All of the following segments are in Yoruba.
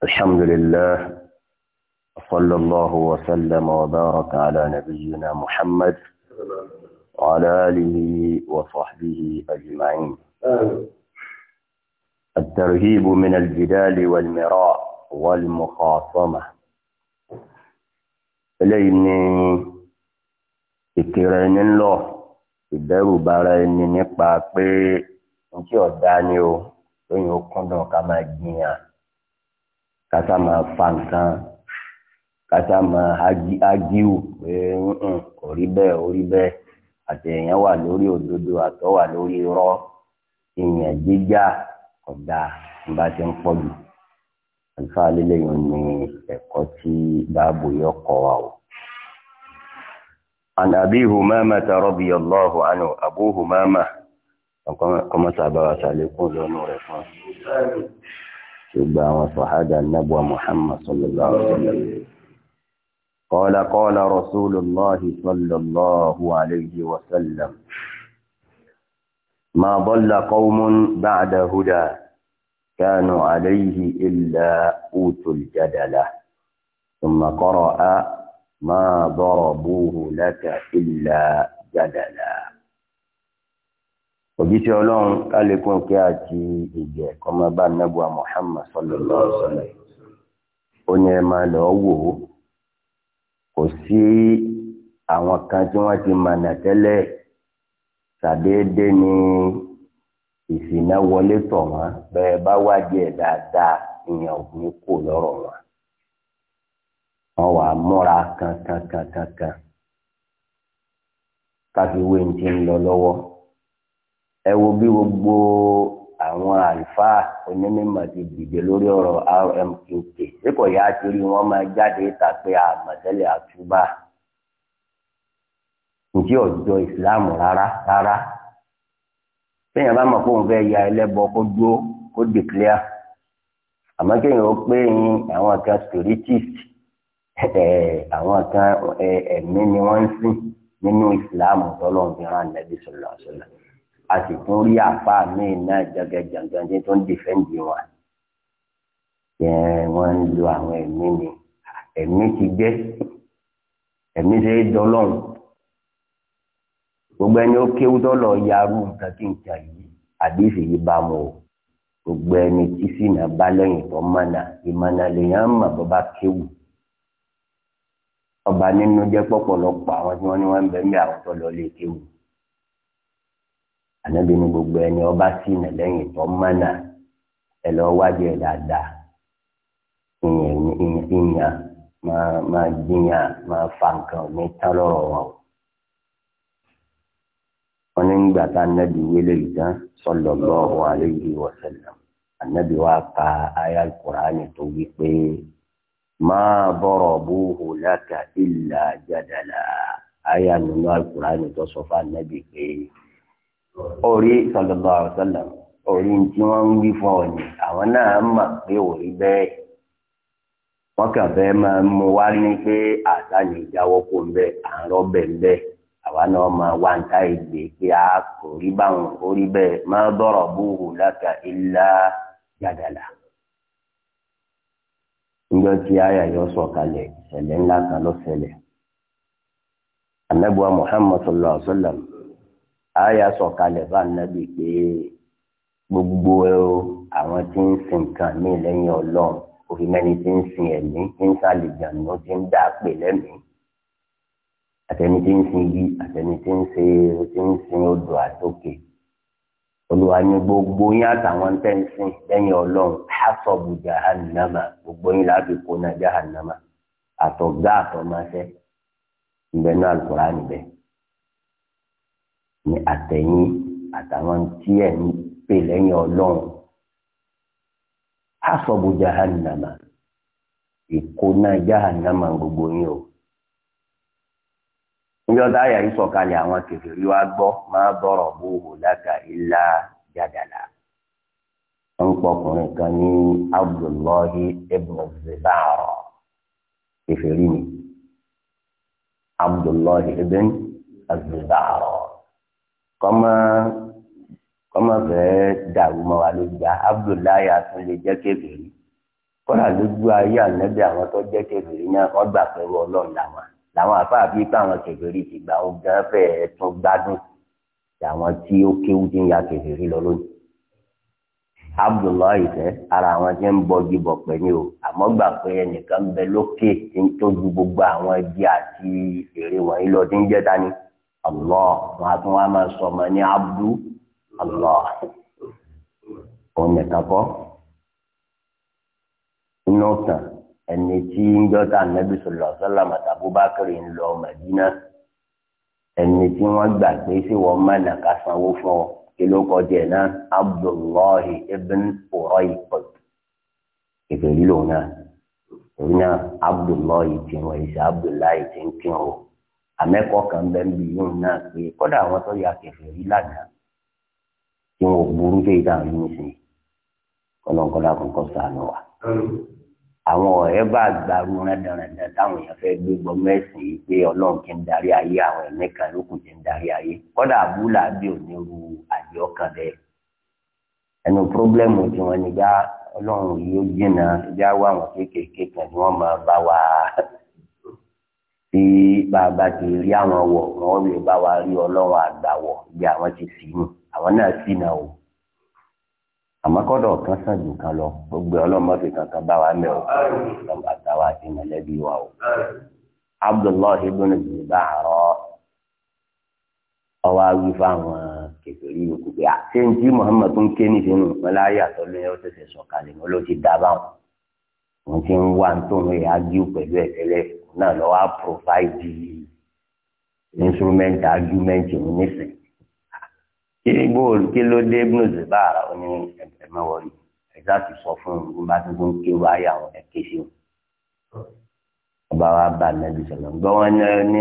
الحمد لله صلى الله وسلم وبارك على نبينا محمد وعلى آله وصحبه أجمعين الترهيب من الجدال والمراء والمخاصمة إليني ìkìrẹ̀ẹ́ni الله ìdẹ́rùbára ẹni nípa pé ní tí ọ̀dá ni كما lóyìn kásá máa fa nǹkan kásá máa ágíù pé kò rí bẹ́ẹ̀ ó rí bẹ́ẹ̀ àtẹ̀yìn wà lórí òdodo àtọ́ wà lórí irọ́ ìyẹn jíjà ọ̀dà ń bá ti ń pọ̀ jù àlùfáà lélẹ́yìn ni ẹ̀kọ́ tí báàbò yọ kọ́ wa o. عن أبي همامة رضي الله عنه أبو همامة كما سأبقى سأليكم ذو نور ṣùgbọ́n àwọn النبوة محمد صلى الله عليه وسلم قال قال رسول الله صلى الله عليه وسلم ما ضل قوم بعد هدى كانوا عليه إلا أوتوا الجدلة ثم قرأ ما ضربوه لك إلا جدلا òjíṣẹ́ ọlọ́run kálẹ̀kùn a ti ìjẹ́ kọmọba nẹ́bùa Muhammad sallallahu alaihi wasallam ó ní ẹ máa lọ wò ó kò sí àwọn kan tí wọ́n ti mànà tẹ́lẹ̀ ni ìsìnà wọlé tọ̀ wọ́n bẹ́ẹ̀ bá wádìí ẹ̀ dáadáa lọ́rọ̀ wọn wà kankankankankan káfíwé ń ti ẹ wo bí gbogbo àwọn àlùfáà onímọ̀ ti dìde lórí ọ̀rọ̀ rmqk bí kò yá ti rí wọn máa jáde islam rárá rárá téèyàn bá mọ̀ fẹ́ ya ẹlẹ́bọ kó dúró kó declare àmọ́ kéèyàn ó pé àwọn kan spiritist àwọn kan ẹ̀mí ni wọ́n ń sìn nínú islam tọ́lọ́run fi hàn a sì tún rí àfa míì náà jàǹgàjàǹgà tí tó ń dìfẹ́ǹdì wọn. wọ́n ń lo àwọn ẹ̀mí ni ẹ̀mí ti gbẹ́ ẹ̀mí ṣe é dọ́lọ́run gbogbo ẹni ó kéwú dọ́lọ̀ yarú nǹkan kí nǹkan yìí àdéhùn yìí bá mu o gbogbo ẹni tí sínà bá lẹ́yìn tó mọ̀nà ìmọ̀nà lèèyàn mọ̀ bó bá kéwù ọba nínú jẹ́ pọ̀pọ̀lọpọ̀ àwọn tí wọ́n ní wọ́n ń bẹ̀ ń bẹ̀ àwọn tó lè kéwù ànábi ní gbogbo ẹni ọba sí ìnà lẹ́yìn tó mánà ẹ lọ wájú ẹ dáadáa ìyàn máa jiyàn máa fa nǹkan ní tán lọ́rọ̀ wọn o wọn ní gbà tá ànábi wélé yìí tán sallallahu alayhi wa sallam ànábi wa ka àyá Kùránì tó wí pé ma darabuhu laka illa jadala àyá nínú Kùránì tó sọ fún ànábi pé. orí sallallahu alaihi orí tí wọ́n ń wí fún ọ àwọn náà mọ̀ pé ò bẹ́ẹ̀ wọ́n kàn fẹ́ máa mú wá ní pé àṣà lè jáwọ́ kó ń bẹ́ àárọ̀ bẹ̀ ń bẹ́ àwa náà máa wá ń a kò rí báwọn bẹ́ẹ̀ búhù láka ilá yàdàlà. tí àyà yọ ìṣẹ̀lẹ̀ ńlá kan Muhammad sallallahu àyà sọ̀kalẹ̀ bá nàbì pé gbogbo àwọn tí ń sin nǹkan mí lẹ́yìn ọlọ́run òfin mẹ́ni tí ń sin ẹ̀mí tí ń sàlìjànú tí ń dà pé lẹ́mìí àtẹni tí ń sin igi àtẹni tí ń ṣe tí ń sin odò àtòkè olùwà ní gbogbo yín àtàwọn tẹ́ ń sìn lẹ́yìn ọlọ́run hasabu jahannama gbogbo yín láti kó na jahannama àtọ̀gá àtọ̀máṣẹ́ ìbẹ̀ náà al ní àtẹ̀yìn àtàwọn tí ẹ̀ ń pè lẹ́yìn ọlọ́run hasabu jahannama ìkóná jahannama gbogbo yín o níjọ́ táyà yìí sọ̀kalẹ̀ àwọn kèfèrí wa gbọ́ máa bọ̀rọ̀ bóhùn láka ilá jàdàlà ń pọkùnrin kan ní abdullahi ibn zibaro ni abdullahi ibn zibaro kọ́mọ kọ́mọ fẹ́ẹ́ dàrú mọ́ wa lójú abdullahi atún lè jẹ́ kébèrè kọ́lá lójú ayé ànábì àwọn tó jẹ́ kébèrè náà wọ́n gbà pẹ̀lú ọlọ́run làwọn làwọn àfáà bíi pé àwọn kébèrè ti gbà ó gan fẹ́ẹ́ tún gbádùn àwọn tí ó kéwú ti ń ya kébèrè lọ lónìí abdullahi fẹ́ ara àwọn tí ń bọjú bọ̀ pẹ̀ ní o àmọ́ gbà pé ẹnìkan bẹ lókè tó ju gbogbo àwọn ẹbí àti èrè wọ̀nyí lọ tí ń jẹ́ dání allah wọn a tún wá máa sọ ọmọ ní abdu allah òun nìkan kọ́ inú tán ẹni tí ń jọta anabi sọlọ sọlá màtàbúbákiri ń lọ màdínà ẹni tí wọn gbà pé sí wọn má nà ká sanwó fún ọ kí ló náà abdullahi ibn urayqut ìfèrí lòun náà òun náà abdullahi tiwọn ìṣe abdullahi ti ń kírun àmẹ́kọ̀ọ́ kan bẹ́ẹ̀ ń bi yóò náà pé kọ́dà àwọn tó ya kẹfẹ́ rí lánàá tí wọn ò burú dé ìdáhùn yìí nìsín kọ́lọ́nkọ́lá kan kọ́ sànù wa. àwọn ọ̀rẹ́ bá gbàrú rádaràdà táwọn èèyàn fẹ́ gbé gbọ́ mẹ́sìn yìí pé ọlọ́run kí ń darí ayé àwọn ẹ̀mí kan lókùn ti ń darí ayé kọ́dà abúlà bí onírú àjọ kan bẹ́ẹ̀. ẹnu pírọ́blẹ́mù tí wọ́n ní gbá ọlọ́run yóò jìnnà tí bàbá ti rí àwọn wọ̀ wọ́n lè bá wa rí ọlọ́run àgbàwọ̀ bí àwọn ti sì mú àwọn náà sì náà o àmọ́ kọ́dọ̀ kan sàn jù kan lọ gbogbo ọlọ́mọ fi kankan bá wa mẹ́ o ọmọ àtàwọn àti mọ̀lẹ́bí wa o Abdullahi yòókù Muhammadu ń ké nù wọn láyé wọn òun ti ń wá nítorí ágíù pẹ̀lú ẹ̀ tẹ́lẹ̀ náà lọ́wọ́ á pòfáìdì instrument argument òun nísìnyí. kí ni bóòlù kí ló dé bínú zèbá ó ní ẹ̀bẹ̀ mẹ́wọ̀rì ẹ̀dá ti sọ fún un bá ti ń ké wáyà àwọn ẹ̀ké sí òun. ọba wa bá nàbì sọ̀rọ̀ gbọ́ wọn ní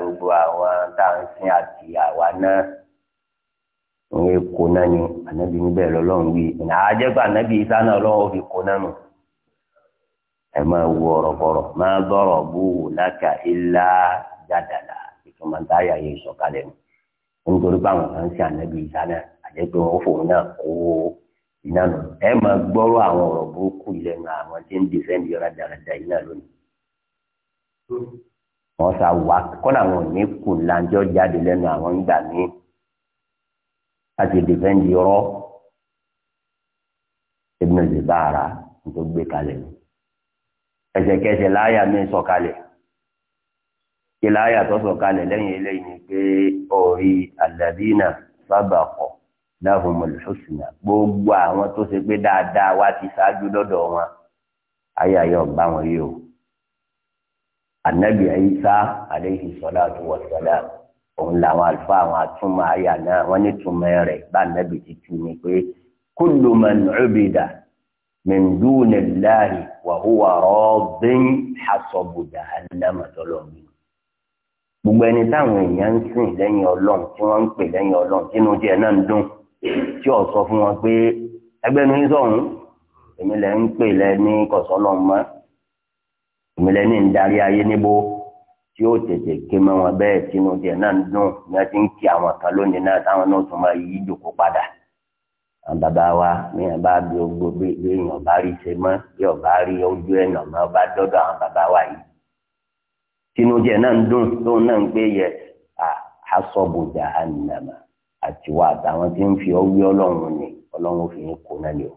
gbogbo àwọn tá à ń sìn àti àwa náà òun èkó náà ni ànábì níbẹ̀ lọ́lọ́run wí àjẹpọ̀ ànábì sáà náà ọlọ́run fi kó náà nù ẹ máa wú ọ̀rọ̀ bọ̀rọ̀ máa gbọ́rọ̀ bú wò láka ilá jàdàlà ìtumọ̀ tá a yà yẹ ìsọ̀kalẹ̀ mu nítorí pé àwọn kan ń ṣe ànábì ìta náà àdéhùn ó fòun náà kó iná nù ẹ máa gbọ́rọ̀ àwọn ọ̀rọ̀ burúkú ilẹ̀ ń àwọn tí ń dìfẹ́ǹdì ọ̀rọ̀ dáradára iná lónìí. wọ́n sá wá kọ́nà àwọn òní kù láńjọ́ jáde lẹ́nu àwọn ń gbà mí láti dìfẹ́ǹdì ọ̀rọ̀ Ibn Zibara tó gbé kalẹ̀ nù ẹsẹ̀kẹsẹ̀ láyà mi sọ̀kalẹ̀ kí láyà tó sọ̀kalẹ̀ lẹ́yìn eléyìí ni pé orí alladina sabaqa lahumul husna gbogbo àwọn tó ṣe pé dáadáa wá ti ṣáájú lọ́dọ̀ wọn àyà yóò bá wọn yìí o anabi Isa aleyhi salatu wa salam òun làwọn àlùfáà àwọn àtúmọ̀ àyà náà wọ́n ní túmọ̀ rẹ̀ bá anabi ti tu ni pé kullu man من دون الله وهو radin حسب jahannama tọ́lọ́mù. gbogbo ẹni táwọn èèyàn ń sìn lẹ́yìn ọlọ́run tí wọ́n ń pè lẹ́yìn ọlọ́run tínú díẹ̀ náà ń dùn tí ò sọ fún wọn pé ẹgbẹ́nu yín sọ̀hún èmi lẹ́ ń pè lẹ́ ní kọ̀sọ́lọ́run mọ́ èmi lẹ́ ní ń darí ayé níbo tí ó tètè ké mọ́ wọn bẹ́ẹ̀ tínú díẹ̀ náà ń dùn ní wọ́n ti ń kí àwọn kan lónìí náà táwọn náà tún máa yí ìjòkó padà àwọn bàbá wa ní ọba bí ogbó bí èèyàn ọba rí ṣe mọ́ bí ọba rí ojú ẹ̀nà mọ́ ọba dọ́dọ̀ àwọn bàbá wa yìí tinújẹ náà ń dùn tóun náà ń pé yẹ àṣọbù jahannama àtiwá àtàwọn tí ń fi ọwé ọlọ́run ni ọlọ́run fi ń kó náà ni o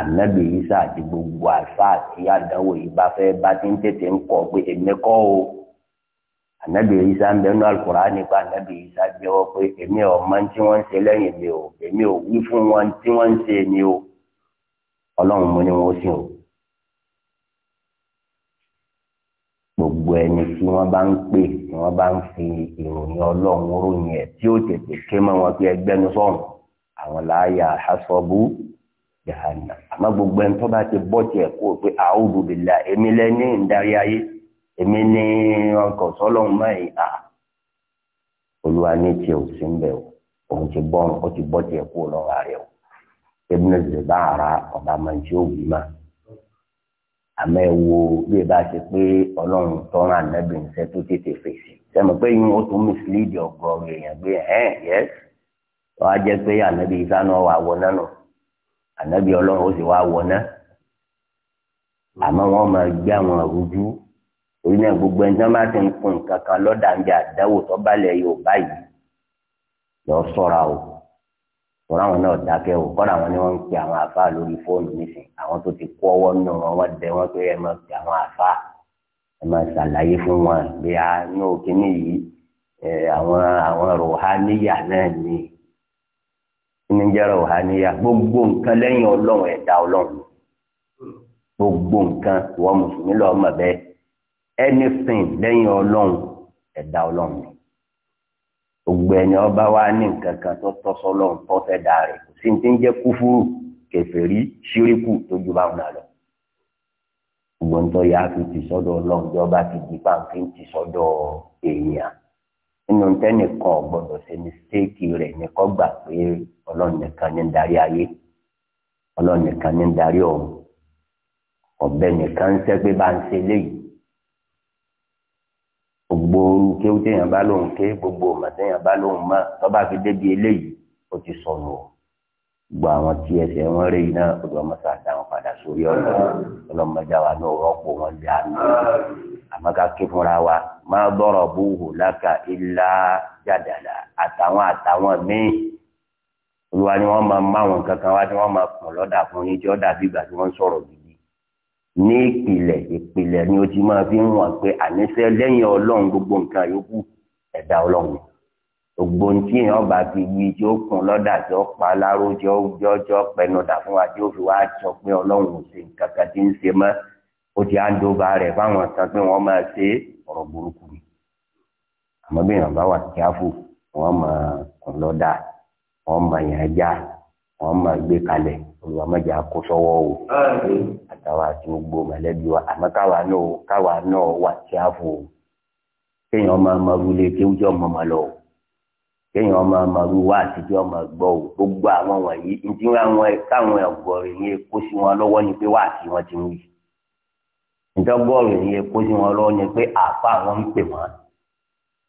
ànábì Ìsá àti gbogbo àṣà àti àdánwò yìí bá fẹ́ bá ti ń tètè ń kọ́ pé èmi kọ́ o ànábì isa ń bẹ nínú alukóra nípa ànábì isa jẹ́wọ́ pé èmi ò mọ̀ tí wọ́n ń se lẹ́yìn mi o èmi ò wí fún wọn tí wọ́n ń ṣe mi o ọlọ́run mo ní wọn ó sìn o. gbogbo ẹni tí wọ́n bá ń pè tí wọ́n bá ń fi ìròyìn ọlọ́run ròyìn ẹ̀ tí ó tètè ké mọ́ wọn pé ẹgbẹ́nu sọ̀rùn àwọn láàyà aṣọ́bù jahanna àmọ́ gbogbo ẹni tó bá ti bọ́ tiẹ̀ kó o pé a'udhu billahi èmi lẹ́ni ń darí ayé èmi ní ọkọ̀ sọ́lọ́hún mẹ́rin à olúwa ní tiẹ̀ ò sí ń bẹ̀ o òun ti bọ́ ọ ti bọ́ tiẹ̀ kú lọ́wọ́ rẹ̀ o ebile ti bá ara ọba máa ti ó wí mà àmọ́ ẹ wo bí ẹ bá ṣe pé ọlọ́run tọ́ra ànábì ńṣe tó tètè fèsì sẹ́mi pé yín ó tún mísílíìdì ọgọ́rùn èèyàn pé ẹ̀ yẹ́s wọ́n á jẹ́ pé ànábì isa náà wà wọ náà nù ànábì ọlọ́run ó sì wá wọ náà àmọ́ wọ́n máa gbé àwọn àrújú torí náà gbogbo ẹni tí wọn bá ti ń kun nǹkan kan lọ́dà ń bí àdáwò tó bá lẹ̀ yóò báyìí lọ sọ́ra o sọ́ra àwọn náà dákẹ́ o kọ́ra àwọn ni wọ́n ń pe àwọn àáfàá lórí fóònù nísìnyí àwọn tó ti kó ọwọ́ nínú wọn wọ́n dẹ wọ́n pé ẹ máa pe àwọn àáfàá ẹ máa ṣàlàyé fún wọn bí a ní òkínní yìí ẹ àwọn àwọn ròháníyà náà ni ní jẹ́ ròháníyà gbogbo nǹkan lẹ́yìn ọlọ́run ẹ̀dá ọlọ́run gbogbo nǹkan wọ́n mùsùlùmí lọ́ọ́ mọ̀ bẹ́ẹ̀ anything lẹ́yìn ọlọ́run ẹ̀dá ọlọ́run ni gbogbo ẹni ọba wa ní nǹkan kan tó tọ́sọ́ ọlọ́run tó fẹ́ dà rẹ̀ kò sí ti ń jẹ́ kúfúrú kèfèrí ṣíríkù tó ju báwọn náà lọ gbogbo ń tọ́ ya fi ti sọ́dọ̀ ọlọ́run bí ọba ti di pàǹkì ti sọ́dọ̀ èèyàn nínú tẹ́nìkan ọ̀gbọ́dọ̀ ṣe ní stéèkì rẹ̀ ní kọ́ gbà pé ọlọ́run nìkan ní darí ayé ọlọ́run nìkan ní darí ọ̀run ọ̀bẹ nìkan ń sẹ́ pé bá ń ṣe léyìí gbogbo orú kéwú téèyàn bá lóun ké gbogbo ọmọ téèyàn bá lóun mọ tọ́ba fi débi eléyìí ó ti sọnù o gbogbo àwọn tí ẹsẹ̀ wọn rí iná ọdọ mọ́sá dáhùn padà sórí ọ̀nà ọlọ́mọdé wa náà rọ́pò wọn lé àná àmọ́ ká ké fúnra wa máa bọ̀rọ̀ búhù láka ilá jàdàlà àtàwọn àtàwọn míì olúwa ni wọ́n máa máwọn kankan wá ni wọ́n máa pọ̀ lọ́dà fún yín tí ó bí ní ìpìlẹ̀ ìpìlẹ̀ ni o ti máa fi ń wà pé àníṣe lẹ́yìn ọlọ́run gbogbo nǹkan yòókù ẹ̀dá ọlọ́run gbogbo ní tí èèyàn bá fi wí tí ó kun lọ́dà tí ó pa aláró tí ó jọ́jọ́ pẹnudà fún wa tí ó fi wá sọ pé ọlọ́run ò ṣe nǹkan kan tí ń ṣe mọ́ ó ti á dóba rẹ̀ fáwọn kan pé wọ́n máa ṣe ọ̀rọ̀ burúkú ni àmọ́ bí èèyàn bá wà kíáfù wọ́n máa kun lọ́dà wọ́n máa yàn já wọ́n máa gbé kalẹ̀ olùwàmọ̀jà kó sọ́wọ́ o àtàwọn àti gbogbo mọ̀lẹ́bí wa àmọ́ káwa náà káwa náà wà tí a fò kéèyàn máa ma wulé kéwújọ́ máa ma lọ kéèyàn máa ma ru wá àtijọ́ máa gbọ́ o gbogbo àwọn wọ̀nyí ntí wọn káwọn ọ̀gọ̀rọ̀ yẹn kó sí wọn lọ́wọ́ ni pé wá àti wọn ti ń wí ìtọ́gọ́rùn yẹn kó sí wọn lọ́wọ́ ni pé àfa àwọn ń pè wọ́n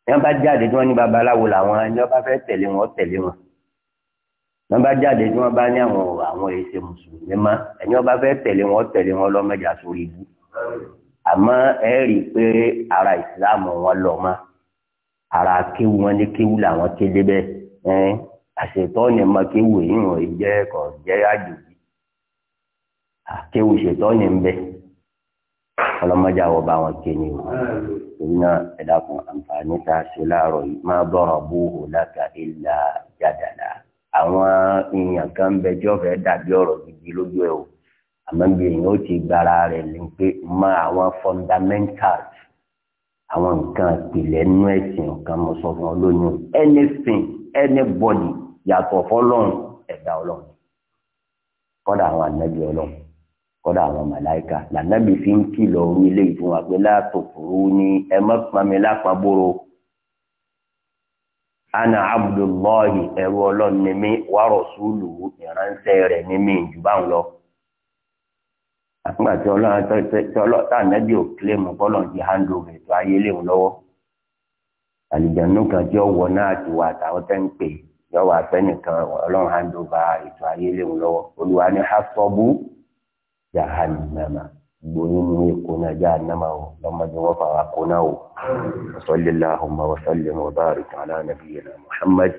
ní wọn bá jáde tí wọn ní babaláwo làwọn ẹni wọn bá fẹ́ tẹ̀lé wọn tẹ̀lé wọn wọ́n bá jáde tí wọ́n bá ní àwọn àwọn èsè mùsùlùmí má ẹni wọ́n bá fẹ́ tẹ̀lé wọn tẹ̀lé wọn lọ́mọdé sórí ibú àmọ́ ẹ rí i pé ara ìsìláàmù wọn lọ mọ́ ara kéwu wọn ní kéwu làwọn ké débẹ̀ ẹ́n àṣetọ́ ni ma kéwu yìí wọ́n jẹ́ kọ́ jẹ́ àjòjì àkéwu ṣetọ́ ni ń bẹ ọlọ́mọdé àwọn bá wọn ké ni o torí náà ẹ àǹfààní ta ṣe láàárọ̀ yìí má bọ̀rọ̀ bóhùn lákà ilà jàdàlà àwọn èèyàn kan bẹ jọfẹ dàbí ọ̀rọ̀ gidi lójú ẹ o àmọ́ bí èèyàn ó ti gbára rẹ̀ lé pé mọ àwọn fundamentals àwọn nǹkan ìpìlẹ̀ nínú ẹ̀sìn nǹkan mo sọ fún ọ lóyún anything anybody yàtọ̀ fọlọ́run ẹ̀dá ọlọ́run kọ́dà àwọn ànábì ọlọ́run kọ́dà àwọn màláìka làǹdàbí fi ń kìlọ̀ orí ilé ìfún wa pé láàtò kúrú ẹ mọ́ pamẹ́ lápá bóró. ana abdullahi ẹrú ọlọ́run ni mí wa rasuluhu ìránṣẹ́ rẹ̀ ni mí jù bá ń lọ. àgbà tí ọlọ́run tí ọlọ́run tànẹ́bí ò kílèmù bọ́lọ̀ di handover ètò ayé léwu lọ́wọ́. àlìjánu kan tí náà ti wà táwọn tẹ́ ń pè yọwọ́ afẹ́nìkan ọlọ́run handover ètò ayé léwu lọ́wọ́ olùwà ni jahannama. بنين يكون جان ماو لما جوفا كناو صلى اللهم وسلم وبارك على نبينا محمد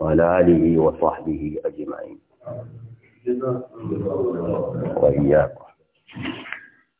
وعلى آله وصحبه أجمعين وإياكم